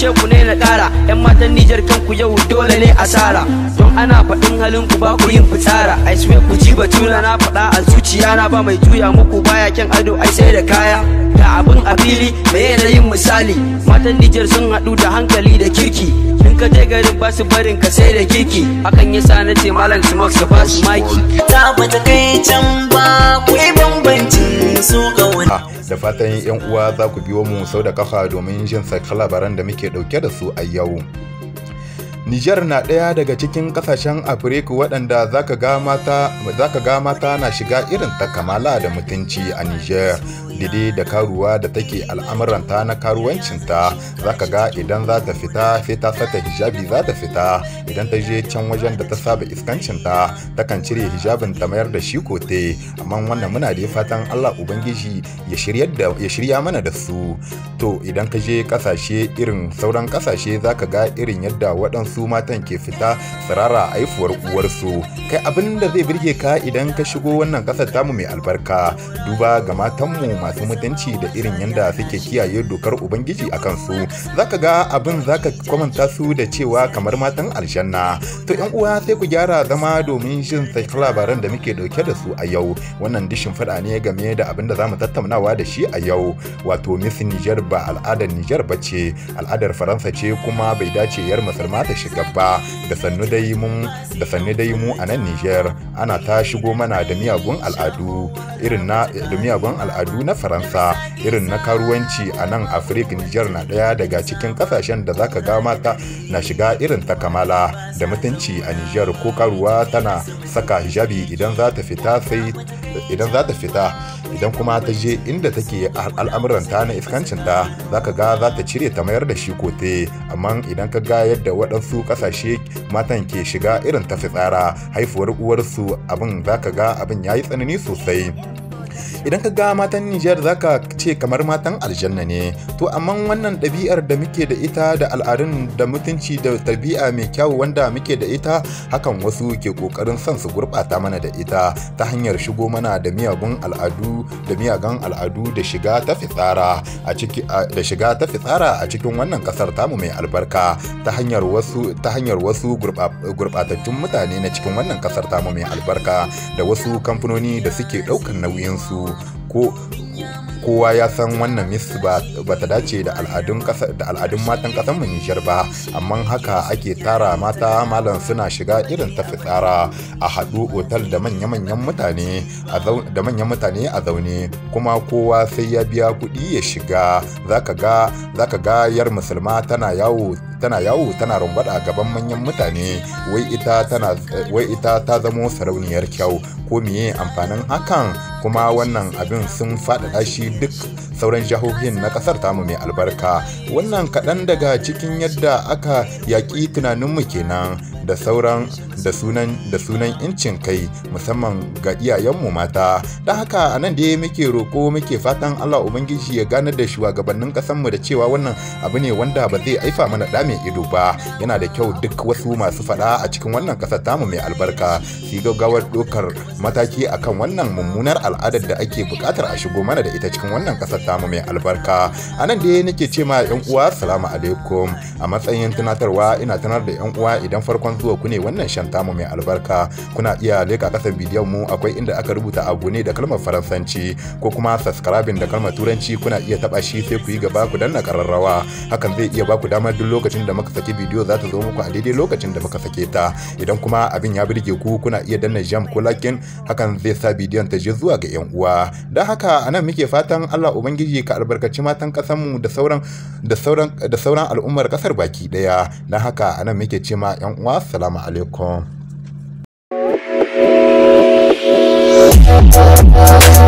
kushe ku ne na ƙara yan matan nijar kanku yau dole ne asara don ana faɗin halin ku ba ku yin fitsara ai swear ku ji batuna na faɗa a zuciya na ba mai juya muku baya kyan ado ai sai da kaya ga abin a fili me yin misali matan nijar sun haɗu da hankali da kirki in ka je garin ba su barin ka sai da kirki hakan yasa na ce malam su ka ba su maki ta bata kai can ba ku yi bambancin su ga jama'a da fatan yan uwa za ku biyo mu sau da kafa domin jin sakar labaran da muke dauke da su a yau Nijar na ɗaya daga cikin ƙasashen Afirka waɗanda za ka ga mata na shiga irin takamala da mutunci a Nijar daidai da karuwa da take al'amuranta na karuwancinta za ka ga idan za ta fita sai ta saka hijabi za ta fita idan ta je can wajen da ta saba iskancinta kan cire hijabin ta mayar da shi kote amma wannan muna da fatan Allah Ubangiji ya shirya mana da su to idan ka je kasashe irin sauran kasashe za ka ga irin yadda waɗansu matan ke fita tsirara aifuwar uwarsu kai abin da zai birge ka idan ka shigo wannan ƙasar tamu mai albarka duba ga matanmu masu masu mutunci da irin yanda suke kiyaye dokar ubangiji a kansu zaka ga abin zaka kwamanta su da cewa kamar matan aljanna to yan uwa sai ku gyara zama domin jin sahihan labaran da muke dauke da su a yau wannan dishin fada ne game da abin da zamu tattaunawa da shi a yau wato miss Niger ba al'adar Niger ba ce al'adar Faransa ce kuma bai dace yar musulma ta shiga ba da sannu dai mun da sannu dai mu a nan Niger ana ta shigo mana da miyagun al'adu irin na da miyagun al'adu na faransa irin na karuwanci a nan afirka nijar na daya daga cikin ƙasashen da zaka ga mata na shiga irin ta kamala da mutunci a nijar ko karuwa tana saka hijabi idan za ta fita sai idan kuma ta je inda take ta na iskancinta za ka ga za ta cire ta mayar da shi kote amma idan ka ga yadda waɗansu ƙasashe matan ke shiga irin ta fitsara haifuwar uwarsu abin za ga abin ya yi tsanani sosai idan ka ga matan Nijar za ka ce kamar matan aljanna ne to amma wannan ɗabi'ar da muke da ita da al'adun da mutunci da ɗabi'a mai kyau wanda muke da ita hakan wasu ke ƙoƙarin son su gurɓata mana da ita ta hanyar shigo mana da miyagun al'adu da miyagan al'adu da shiga ta fitsara a ciki da shiga ta fitsara a cikin wannan ƙasar tamu mai albarka ta hanyar wasu ta hanyar wasu gurɓatattun mutane na cikin wannan ƙasar tamu mai albarka da wasu kamfanoni da suke ɗaukar nauyinsu 都。ko kowa ya san wannan miss ba ta dace da al'adun matan ƙasar mu Nijar ba amma haka ake tara mata malam suna shiga irin tafi fitsara a haɗu otal da manya-manyan mutane a zaune kuma kowa sai ya biya kuɗi ya shiga za ka ga yar musulma tana yawo tana yawo tana gaban manyan mutane wai ita wai ita ta zamo sarauniyar kyau ko miye amfanin hakan kuma wannan abin matakan sun faɗaɗa shi duk sauran jihohin na ƙasar tamu mai albarka wannan kaɗan daga cikin yadda aka yaƙi tunaninmu kenan da sauran da sunan da sunan incin kai musamman ga iyayenmu mata don haka a nan dai muke roko muke fatan Allah ubangiji ya gane da shugabannin kasanmu da cewa wannan abu ne wanda ba zai aifa mana da mai ido ba yana da kyau duk wasu masu fada a cikin wannan kasar tamu mai albarka su gaggawar dokar mataki akan wannan mummunar al'adar da ake buƙatar a shigo mana da ita cikin wannan kasar tamu mai albarka a nan dai nake ce ma yan uwa salamu alaikum a matsayin tunatarwa ina tunar da yan uwa idan farkon zuwa ku ne wannan shan tamu mai albarka kuna iya leka kasan bidiyon mu akwai inda aka rubuta abu ne da kalmar faransanci ko kuma subscribing da kalmar turanci kuna iya taba shi sai ku yi gaba ku danna kararrawa hakan zai iya baku damar duk lokacin da muka saki bidiyo za ta zo muku a daidai lokacin da muka sake ta idan kuma abin ya birge ku kuna iya danna jam ko lakin hakan zai sa bidiyon ta je zuwa ga yan uwa Da haka anan muke fatan Allah ubangiji ka albarkaci matan mu da sauran da sauran da sauran al'ummar kasar baki daya na haka anan muke cema yan uwa assalamu alaikum Thank you.